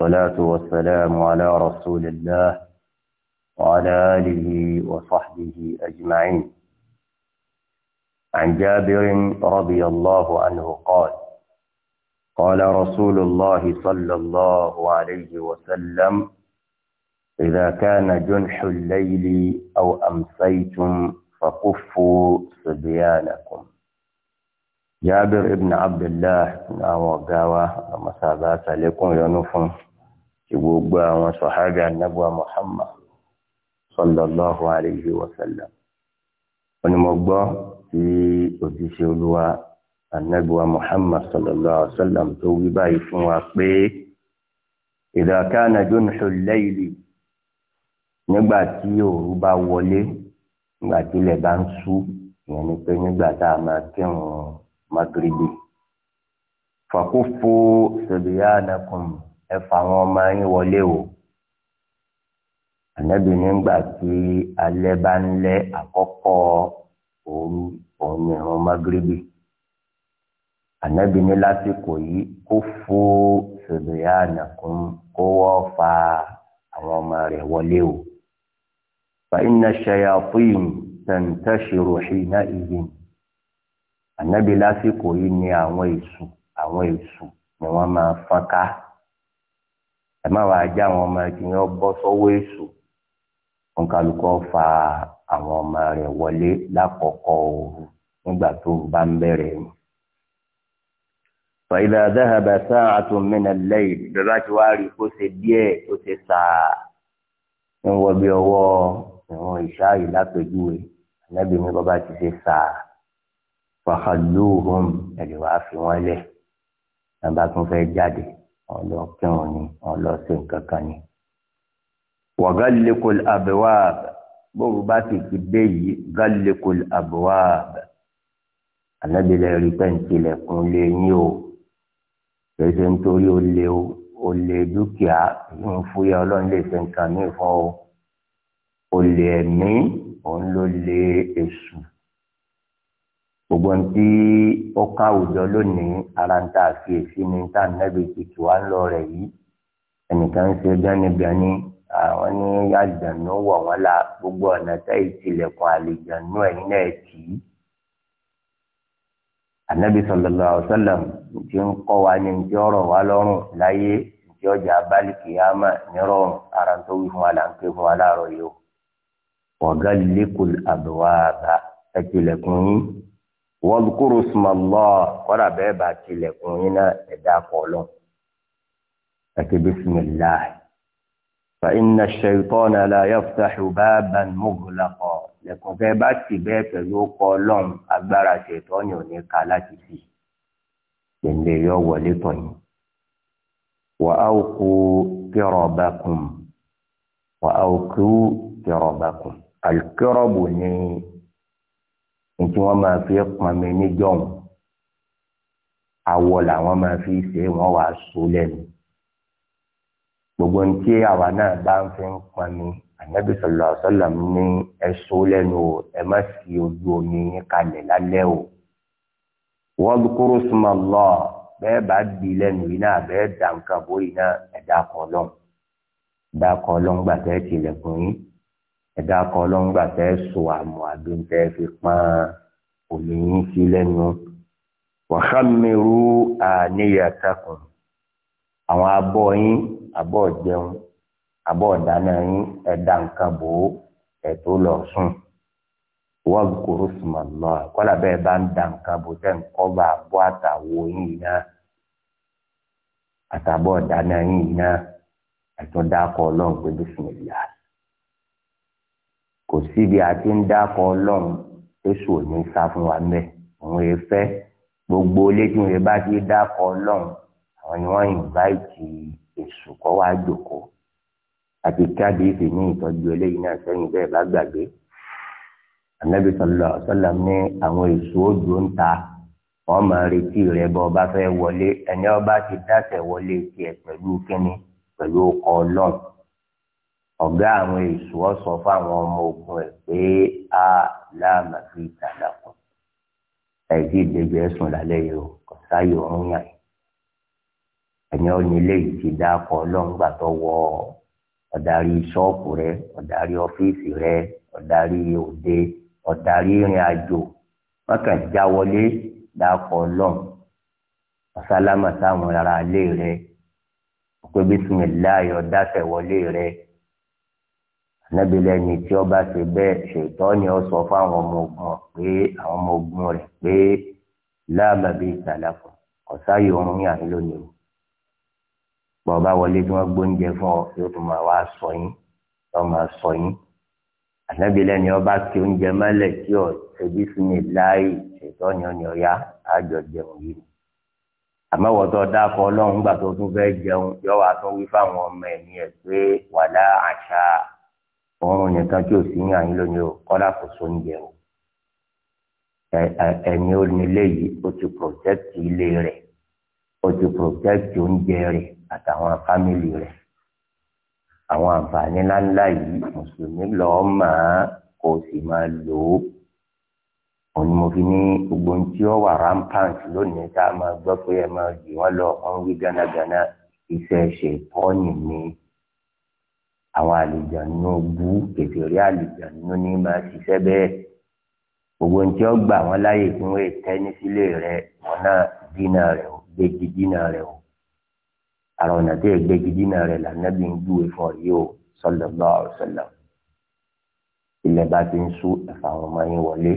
الصلاة والسلام على رسول الله وعلى آله وصحبه أجمعين عن جابر رضي الله عنه قال قال رسول الله صلى الله عليه وسلم إذا كان جنح الليل أو أمسيتم فكفوا صبيانكم جابر ابن عبد الله نعم وقاوة ومسابات نعم، لكم ينفهم tí gbogbo àwọn sọ̀hábì anábùwà Muhammad sallallahu alayhi wa sallam onímọ̀gbọ́ tí òjíṣẹ́ olúwa anábùwà Muhammad sallallahu alayhi wa sallam tó wí báyìí fún wa pé idha kana junhul layli nígbà tí òru bá wọlé nígbà tí ilẹ̀ bá ń sú ìyẹn ni pé nígbà tá a máa kírun magribi fakuffu sibyanakum ẹ fà àwọn ọmọ yín wọlé o ànábì nígbà tí alẹ́ bá ń lẹ́ àkọ́kọ́ òru òun ni ìrun magrebi ànábì ní lásìkò yìí kó fó sòdòyà ànàkùn kó wọ́ fa àwọn ọmọ rẹ̀ wọlé o fa inna shayatin tantashiru hina idhin ànábì lásìkò yìí ni àwọn èṣù àwọn èṣù ni wọ́n máa fọ́n ká ẹ má wàá já àwọn ọmọ ẹtì yẹn bọ́ sọ́wọ́ èṣù òǹkàlùkọ́ fa àwọn ọmọ rẹ̀ wọlé lákọ̀ọ́kọ́ òru nígbà tó ń bá ń bẹ̀rẹ̀ ni. fàyídà dáhàbà sáà àtúnmínà lẹ́yìn bẹ́ẹ̀ bá ti wá rí kó ṣe díẹ̀ tó ṣe sàá ń wọ bí ọwọ́ ìwọ̀n ìṣáàyè lápẹ̀júwe ànábì ní bàbá ti ṣe sàá fàkàlùhùn ẹ̀dẹ̀ fi wọ́n lẹ̀ nàbà jáde ọlọ́kẹ́hùn ni ọlọ́sẹ̀ kankan ni. wàgálẹ́kọ̀ọ́ abẹ́wàb bóòrù bá sì ti dé yìí gálẹ́kọ̀ọ́ abẹ́wàb anábìlẹ̀ rí pẹ́ǹtì lẹ́kùn lé ní o pèsè nítorí o lè o o lè dúkìá ń fúyà ọlọ́run nǹkan mí fún o o lè ẹ̀mí òun ló lè èṣù gbogbo ń tí ó ká àwùjọ lónìí ara ń ta àfiyèsí ni tá à nẹ́bi tutù wá ń lọ rẹ̀ yìí ẹnìkan ń ṣe gánibẹ́ni àwọn ní àjànú wọ̀ wọ́n la gbogbo ọ̀nà tẹ́ ìtìlẹ̀kùn àlejànú ẹ̀yìn náà tì í. ànábì sallallahu alaihi ti ń kọ́ wa ní ti ọ̀rọ̀ wa lọ́rùn láyé ti ọjà abálìkì yámà nírọ̀rùn ara tó wí fún wa là ń ké fún wa láàárọ̀ yìí o. wọ́gá lẹ́kùn àbẹ̀wò àbá wadhkuru ismallah kọ́ra bẹ́ẹ̀ bá tilẹ̀kùn yín náà ẹ̀dá kọ́lọ́ àti bismillah fa inna ash-shaytana la yaftahu baban mughlaqa lẹ́kùn bẹ́ẹ̀ bá ti bẹ́ẹ̀ pẹ̀lú kọ́lọ́n agbára ṣètọ́ ni ò ní ká láti fi tẹ̀lé yọ wọlé tán yìí wa awqu kirabakum wa awqu kirabakum al-kirabu ni nítí wọ́n máa fi pọnmi níjọ́hún awọ làwọn máa fi ṣe wọ́n wàá so lẹ́nu gbogbo ní tí àwa náà bá ń fi pọnmi ànábì sọlọ sọlọ ní ẹ so lẹ́nu o ẹ má sì ojú omi yín kalẹ̀ lálẹ́ o wọ́n kúrò súnmọ́ lọ bẹ́ẹ̀ bá di lẹ́nu yìí náà bẹ́ẹ̀ dà nǹkan bóyìí náà ẹ dà kọ dà kọ lọ ńgbà tẹ́ ẹ̀dá kan ọlọ́ngbà tẹ́ so àmọ́ àbí tẹ́ fi pọ́n òmìnir sí lẹ́nu wàhámẹ́rú àníyàtàkùn àwọn abọ́ yín abọ́ jẹun abọ́ ìdáná yín ẹ̀dá nǹkan bò ó ẹ̀tọ́ lọ sùn wọ́n kúrò sùnmọ̀ lọ kọ́lá bẹ́ẹ̀ bá ń da nǹkan bò tẹ́ ń kọ́ bá abọ́ àtàwọ̀ yín náà àtàbọ̀ ìdáná yín náà ẹ̀tọ́ dákọ̀ ọlọ́run pé bísí nìyá kò síbi àti ń dákọ ọlọ́run èṣù ò ní sá fún wa mẹ́ òun yẹn fẹ́ gbogbo létí wọn bá ti dákọ ọlọ́run àwọn ni wọ́n ìnváìtì èṣù kọ́ wá jòkó àti kábíyèsí ní ìtọ́jú eléyìí náà sẹ́yìn bẹ́ẹ̀ bá gbàgbé anabi sọlọ sọlọ ní àwọn èso odò ń ta wọn máa retí rẹ bọ ọba fẹ́ wọlé ẹni ọba ti dáṣẹ wọlé tiẹ̀ pẹ̀lú kínní pẹ̀lú ọkọ Ọlọ́run ọ̀gá àwọn èṣù ọ sọ fáwọn ọmọ ogun ẹ̀ pé a láàmà fi tàdà kù ẹ̀dí ìdẹ́jọ́ ẹ̀sùn lálẹ́ yìí o kò sáyò ń yàn ẹ̀yìn onílé yìí ti dá akọ ọlọ́ngbà tó wọ ọ̀darí ṣọ́ọ̀pù rẹ ọ̀darí ọ́fíìsì rẹ ọ̀darí òde ọ̀darí ìrìn àjò wọ́n kàn já ọ̀sálámà sáwọn ará ilé rẹ òpè bísí mi láàyò dáṣẹ̀ rẹ anábìlẹ̀ ni tí ó bá ṣe bẹ́ẹ̀ ṣètọ́ ni ó sọ fáwọn ọmọ ogun pé àwọn ọmọ ogun rẹ̀ pé láàbà bíi ìsàlàkùn ọ̀sáyò ọ̀run yà ń lónìí o bọ̀ọ̀bá wọlé tí wọ́n gbóúnjẹ fún ọ yóò tún máa wá sọ yín yóò máa sọ yín ànábìlẹ̀ ni ọba kí oúnjẹ mọ́lẹ̀ tí ọ̀ ṣẹbí sínú láàyè ṣètọ́ ni ọ ni ọ̀yá àjọ jẹun yìí àmọ́ wọ́n tó gbà tó tún fẹ́ jẹun yóò wá tún wí fáwọn ọmọ ẹ̀mí ẹ̀ pé wàlá àṣà ọrùn nìkan tí ò sí ní àyín lónìí o kọ́dà kò so ń jẹ o ẹni ó nílé yìí ó ti protect ilé rẹ̀ ó ti protect oúnjẹ rẹ̀ àtàwọn fámìlì rẹ̀ àwọn àǹfààní ńláńlá yìí mùsùlùmí lọ́ọ́ máa kó o sì máa lò ó òun mo fi ní gbogbo ohun tí ó wà rampant lónìí tá a máa gbọ́ pé ẹ máa jì wọ́n lọ wọ́n wí gánagànà iṣẹ́ ṣe pọ́ọ̀nì ni àwọn àlùjànnú bú kẹfìrí àlùjànnú ní máa ṣiṣẹ́ bẹ́ẹ̀ gbogbo ní tí ó gbà wọn láàyè kí wọn tẹ ní sílé rẹ wọn náà dínà rẹ o gbégi dínà rẹ o àwọn ọ̀nà tí gbégi dínà rẹ lànàbí ń júwe fún ọ yìí o sallallahu alaihi wasallam ilẹ̀ bá ti ń sú ẹ̀fà àwọn ọmọ yín wọlé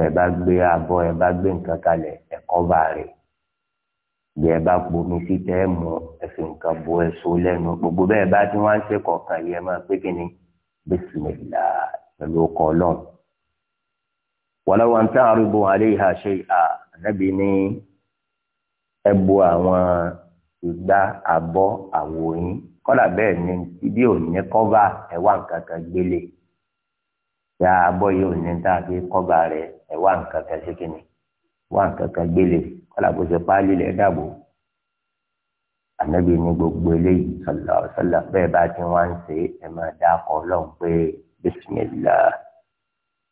ẹ bá gbé abọ́ ẹ bá gbé nǹkan kalẹ̀ ẹ̀kọ́ bá rẹ̀ bí ẹ bá gbomi títẹ ẹ mọ ẹfì nǹkan bo ẹṣọ lẹ́nu gbogbo bẹ́ẹ̀ bá tí wọn ń ṣe kọkàn yìí ẹ máa pé kí ni bísímìlà pẹ̀lú ọkọ Ọlọ́run. wàlá wọn tá àrùbọ àléhà ṣe à ní ẹ àwọn ìgbà àbọ̀ àwòyìn kọlà bẹ́ẹ̀ ni ibi ò ní kọva nǹkan kan gbélé ya àbọ̀ yìí ò ní tá a fi nǹkan kan ṣe kí ni wá nǹkan kan gbélé kọ́lá kò ṣe páálí lẹ̀ dàbò ànábì ní Sallallahu alaihi sọlá sọlá bẹ́ẹ̀ bá ti wá ń ṣe ẹ máa dá akọ ọlọ́run pé bisimilá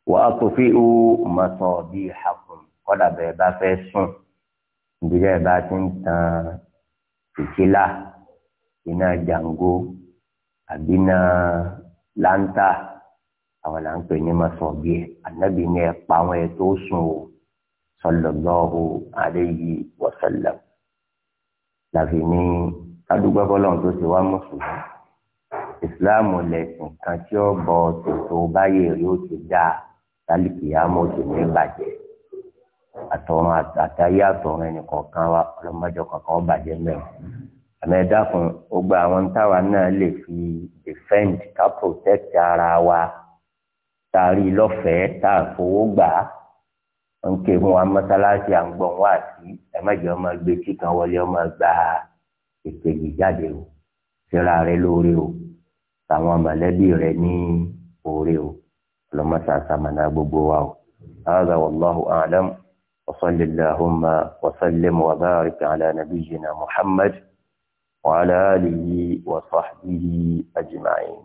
wà á tó fi ó mọ̀tọ́ bí hakùn kọ́dà bẹ́ẹ̀ bá fẹ́ sùn ìdílé bá ti ń tan fìtílà iná jàǹgó àbí iná láńtà àwọn là ń pè ní mọ̀tọ́ bí ẹ̀ ànábì o sallallahu alayhi wa sallam làfi ní adúgbàbọ́lọ́n tó ti wá mùsùlùmí ìsìláàmù lẹ̀sìn kan tí ó bọ tètò báyìí rí ó ti dáa lálìkìyàmù ó ti ní bàjẹ́ àtọ̀run àtàyé àtọ̀run ẹnìkọ̀ọ̀kan wa ọlọ́mọdé kọ̀ọ̀kan bàjẹ́ mẹ́rin àmì ẹ̀dá kan ó àwọn táwa náà lè fi defend ká protect ara wa tá a rí lọ́fẹ̀ẹ́ tá a fowó gbà á nke fún wa mọ́sálásí à ń gbọ́ wá sí ẹ má jẹ́ ọmọ gbé tí kan wọlé ọmọ gba ìpèjì jáde o síra rẹ lóore o tàwọn mọ̀lẹ́bí rẹ ní oore o ọlọ́mọṣà sàmànà gbogbo wa o. هذا والله أعلم وصل اللهم وسلم وبارك على نبينا محمد وعلى آله وصحبه أجمعين